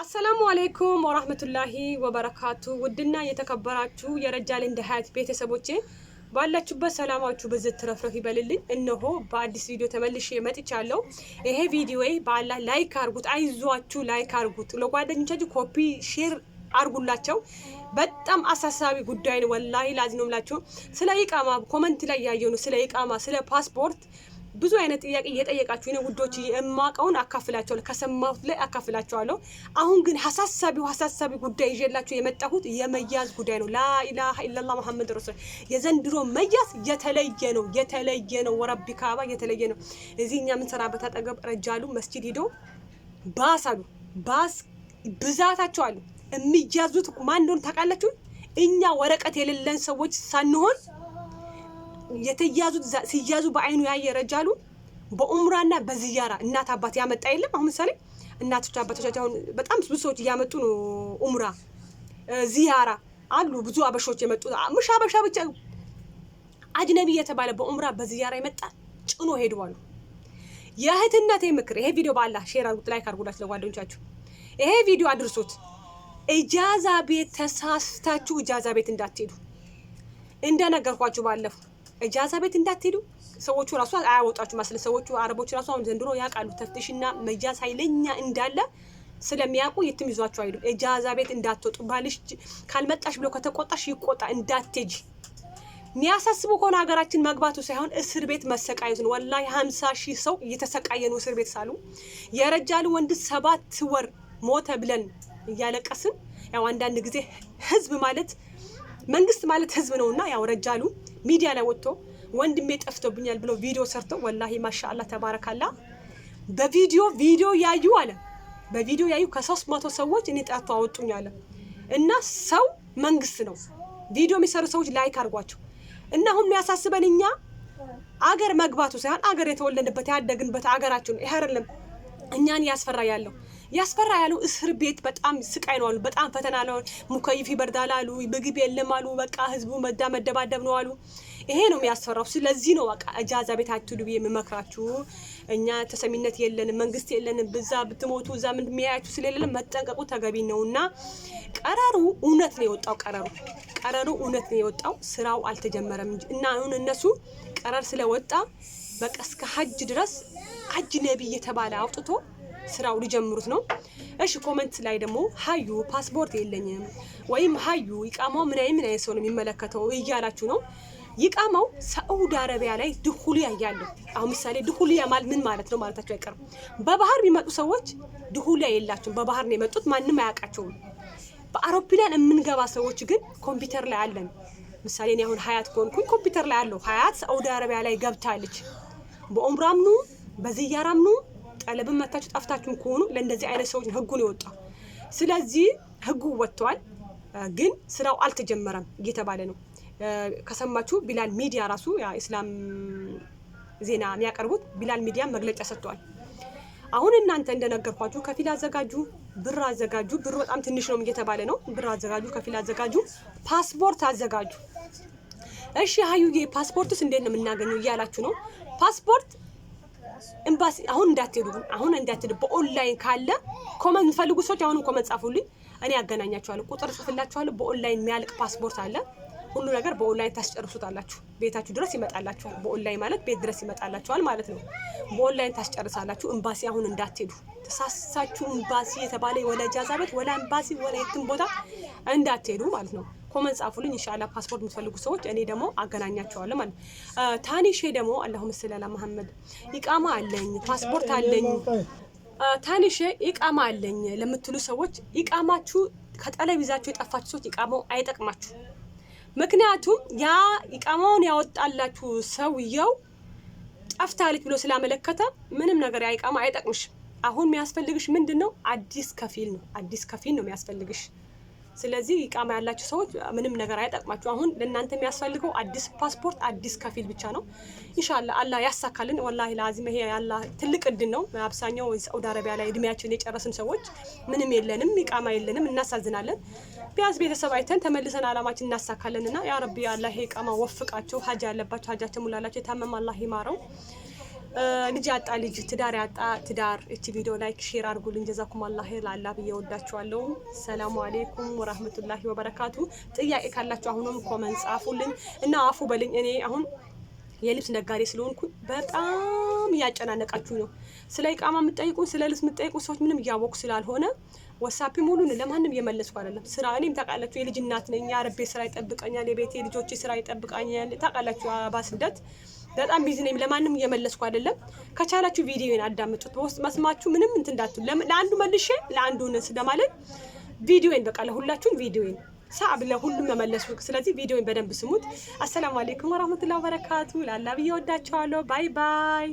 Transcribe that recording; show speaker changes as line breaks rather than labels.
አሰላሙ አሌይኩም ወራህመቱላሂ ወበረካቱ። ውድና የተከበራችሁ የረጃል እንደ ሀያት ቤተሰቦቼ ባላችሁበት ሰላማችሁ ብዝት ትረፍረፍ ይበልልኝ። እነሆ በአዲስ ቪዲዮ ተመልሼ መጥቻለሁ። ይሄ ቪዲዮ በአላህ ላይክ አርጉት፣ አይዟችሁ፣ ላይክ አርጉት። ለጓደኞቻችሁ ኮፒ ሼር አርጉላቸው። በጣም አሳሳቢ ጉዳይ ነው። ወላሂ ላዝኖምላችሁ ስለ ኢቃማ ኮመንት ላይ ያየኑ ስለ ኢቃማ ስለ ፓስፖርት ብዙ አይነት ጥያቄ እየጠየቃችሁ ነው ውዶች፣ የማውቀውን አካፍላቸዋለሁ፣ ከሰማሁት ላይ አካፍላቸዋለሁ። አሁን ግን ሀሳሳቢው ሀሳሳቢ ጉዳይ ይዤላችሁ የመጣሁት የመያዝ ጉዳይ ነው። ላኢላሀ ኢለላ መሐመድ ረሱል የዘንድሮ መያዝ የተለየ ነው፣ የተለየ ነው። ወረቢ ካባ የተለየ ነው። እዚህ እኛ የምንሰራበት አጠገብ ረጃሉ መስጂድ ሂደው ባስ አሉ፣ ባስ ብዛታቸው አሉ። የሚያዙት ማን እንደሆነ ታውቃላችሁ? እኛ ወረቀት የሌለን ሰዎች ሳንሆን የተያዙ ሲያዙ በአይኑ ያየ ረጃሉ በኡምራና በዝያራ እናት አባት ያመጣ የለም። አሁን ምሳሌ እናቶች አባቶቻቸው አሁን በጣም ብዙ ሰዎች እያመጡ ነው። ኡምራ ዚያራ አሉ ብዙ አበሾች የመጡ ምሽ አበሻ ብቻ አጅነቢ የተባለ በኡምራ በዝያራ ይመጣ ጭኖ ሄደዋሉ። የእህትነቴ ምክር ይሄ ቪዲዮ ባላ ሼር አርጉት፣ ላይክ አድርጉላችሁ ለጓደኞቻችሁ ይሄ ቪዲዮ አድርሶት። እጃዛ ቤት ተሳስታችሁ እጃዛ ቤት እንዳትሄዱ እንደነገርኳችሁ ባለፉ እጃዛ ቤት እንዳትሄዱ። ሰዎቹ ራሱ አያወጣችሁ ማስለ ሰዎቹ አረቦች ራሱ አሁን ዘንድሮ ያውቃሉ ተፍትሽና መጃዝ ኃይለኛ እንዳለ ስለሚያውቁ የትም ይዟቸው አይሄዱም። እጃዛ ቤት እንዳትወጡ። ባልሽ ካልመጣሽ ብሎ ከተቆጣሽ ይቆጣ እንዳትጂ። የሚያሳስበው ከሆነ ሀገራችን መግባቱ ሳይሆን እስር ቤት መሰቃየቱ ነው። ወላሂ ሀምሳ ሺህ ሰው እየተሰቃየ ነው እስር ቤት ሳሉ የረጃሉ ወንድ ሰባት ወር ሞተ ብለን እያለቀስን ያው አንዳንድ ጊዜ ህዝብ ማለት መንግስት ማለት ህዝብ ነውና ያው ረጃሉ ሚዲያ ላይ ወጥቶ ወንድሜ ጠፍቶብኛል ብሎ ቪዲዮ ሰርቶ ወላሂ ማሻአላ ተባረካላ በቪዲዮ ቪዲዮ ያዩ አለ በቪዲዮ ያዩ ከሶስት መቶ ሰዎች እኔ ጠርቶ አወጡኝ አለ እና ሰው መንግስት ነው። ቪዲዮ የሚሰሩ ሰዎች ላይክ አድርጓቸው እና አሁን የሚያሳስበን እኛ አገር መግባቱ ሳይሆን አገር የተወለድበት ያደግንበት አገራችን ይሄ አይደለም እኛን ያስፈራ ያለው ያስፈራ ያሉ እስር ቤት በጣም ስቃይ ነው አሉ። በጣም ፈተና ነው። ሙከይፍ ይበርዳል አሉ። ምግብ የለም አሉ። በቃ ህዝቡ መዳ መደባደብ ነው አሉ። ይሄ ነው የሚያስፈራው። ስለዚህ ነው በቃ እጃዛ ቤት አትሉ ብዬ የምመክራችሁ። እኛ ተሰሚነት የለንም፣ መንግስት የለንም። ብዛ ብትሞቱ እዛ ምን የሚያያችሁ ስለሌለ መጠንቀቁ ተገቢ ነው እና ቀረሩ እውነት ነው የወጣው። ቀረሩ ቀረሩ እውነት ነው የወጣው። ስራው አልተጀመረም እንጂ እና አሁን እነሱ ቀረር ስለወጣ በቃ እስከ ሀጅ ድረስ ሀጅ ነቢይ የተባለ አውጥቶ ስራው ሊጀምሩት ነው። እሺ ኮመንት ላይ ደግሞ ሀዩ ፓስፖርት የለኝም ወይም ሀዩ ይቃማው ምን አይነት ምን አይነት ሰው ነው የሚመለከተው እያላችሁ ነው። ይቃማው ሳዑዲ አረቢያ ላይ ድሁልያ ያለው አሁን ምሳሌ ድሁልያ ማለት ምን ማለት ነው ማለታቸው አይቀርም። በባህር የሚመጡ ሰዎች ድሁልያ የላቸውም። በባህር ነው የመጡት፣ ማንም አያውቃቸውም። በአውሮፕላን የምንገባ ሰዎች ግን ኮምፒውተር ላይ አለን። ምሳሌ እኔ አሁን ሀያት ከሆንኩኝ ኮምፒውተር ላይ አለው። ሀያት ሳዑዲ አረቢያ ላይ ገብታለች። በኦምራምኑ በዝያራምኑ? ጠለብን መታችሁ ጠፍታችሁን ከሆኑ ለእንደዚህ አይነት ሰዎች ህጉ ነው የወጣው። ስለዚህ ህጉ ወጥተዋል፣ ግን ስራው አልተጀመረም እየተባለ ነው። ከሰማችሁ ቢላል ሚዲያ ራሱ እስላም ዜና የሚያቀርቡት ቢላል ሚዲያ መግለጫ ሰጥተዋል። አሁን እናንተ እንደነገርኳችሁ ከፊል አዘጋጁ፣ ብር አዘጋጁ። ብር በጣም ትንሽ ነው እየተባለ ነው። ብር አዘጋጁ፣ ከፊል አዘጋጁ፣ ፓስፖርት አዘጋጁ። እሺ ሀዩዬ ፓስፖርትስ እንዴት ነው የምናገኘው እያላችሁ ነው። ፓስፖርት ኤምባሲ አሁን እንዳትሄዱ አሁን እንዳትሄዱ። በኦንላይን ካለ ኮመንት ፈልጉ ሰዎች አሁንም ኮመንት ጻፉልኝ፣ እኔ ያገናኛችኋለሁ፣ ቁጥር ጽፍላችኋለሁ። በኦንላይን የሚያልቅ ፓስፖርት አለ። ሁሉ ነገር በኦንላይን ታስጨርሱታላችሁ። ቤታችሁ ድረስ ይመጣላችኋል። በኦንላይን ማለት ቤት ድረስ ይመጣላችኋል ማለት ነው። በኦንላይን ታስጨርሳላችሁ። ኤምባሲ አሁን እንዳትሄዱ ተሳሳችሁ። ኤምባሲ የተባለ ወለ ጃዛ ቤት ወለ ኤምባሲ ወለ የትም ቦታ እንዳትሄዱ ማለት ነው። ኮመንት ጻፉልኝ። ኢንሻአላ ፓስፖርት የምትፈልጉ ሰዎች እኔ ደግሞ አገናኛቸዋለሁ ማለት ነው። ታኒሼ ደግሞ አላሁም ስለላ መሐመድ ኢቃማ አለኝ ፓስፖርት አለኝ ታኒሼ ኢቃማ አለኝ ለምትሉ ሰዎች ኢቃማችሁ ከጠለቢዛችሁ የጠፋችሁ ሰዎች ኢቃማው አይጠቅማችሁ። ምክንያቱም ያ ኢቃማውን ያወጣላችሁ ሰውየው ጠፍታለች ብሎ ስላመለከተ ምንም ነገር ያ ኢቃማ አይጠቅምሽ። አሁን የሚያስፈልግሽ ምንድን ነው? አዲስ ከፊል ነው። አዲስ ከፊል ነው የሚያስፈልግሽ። ስለዚህ ኢቃማ ያላችሁ ሰዎች ምንም ነገር አይጠቅማችሁ። አሁን ለእናንተ የሚያስፈልገው አዲስ ፓስፖርት፣ አዲስ ከፊል ብቻ ነው። ኢንሻአላህ አላህ ያሳካልን። ወላሂ ለአዚም ይሄ ያላህ ትልቅ እድል ነው። አብዛኛው ሳውዲ አረቢያ ላይ እድሜያችን የጨረስን ሰዎች ምንም የለንም፣ ኢቃማ የለንም። እናሳዝናለን። ቢያንስ ቤተሰብ አይተን ተመልሰን አላማችን እናሳካለንና ያ ረቢ አላህ ኢቃማ ወፍቃቸው ሀጃ ያለባቸው ሀጃቸው ሙላላቸው የታመመ አላህ ይማረው። ልጅ ያጣ ልጅ፣ ትዳር ያጣ ትዳር። እቺ ቪዲዮ ላይክ ሼር አድርጉልኝ። ጀዛኩም አላህ ኸይር አላ ብዬ ወዳችኋለሁ። ሰላሙ አሌይኩም ወራህመቱላሂ ወበረካቱ። ጥያቄ ካላችሁ አሁንም ኮመንት ጻፉልኝ እና አፉ በልኝ። እኔ አሁን የልብስ ነጋዴ ስለሆንኩኝ በጣም እያጨናነቃችሁ ነው። ስለ ኢቃማ የምጠይቁኝ ስለ ልብስ የምጠይቁ ሰዎች ምንም እያወቁ ስላልሆነ ወሳፒ ሙሉን ለማንም እየመለስኩ አይደለም። ስራ እኔም ታውቃላችሁ፣ የልጅ እናት ነኝ። የአረቤ ስራ ይጠብቀኛል፣ የቤቴ ልጆች ስራ ይጠብቃኛል። ታውቃላችሁ አባስደት ስደት በጣም ቢዚ ነኝ፣ ለማንም እየመለስኩ አይደለም። ከቻላችሁ ቪዲዮን አዳምጡት። በውስጥ መስማችሁ ምንም እንትን እንዳትሉ፣ ለአንዱ መልሼ ለአንዱ ለማለት ቪዲዮን በቃ ለሁላችሁም ቪዲዮን ሳብ ለሁሉም መመለሱ። ስለዚህ ቪዲዮን በደንብ ስሙት። አሰላሙ አለይኩም ወራህመቱላሂ ወበረካቱ። ላላ ወዳቸዋለሁ። ባይ ባይ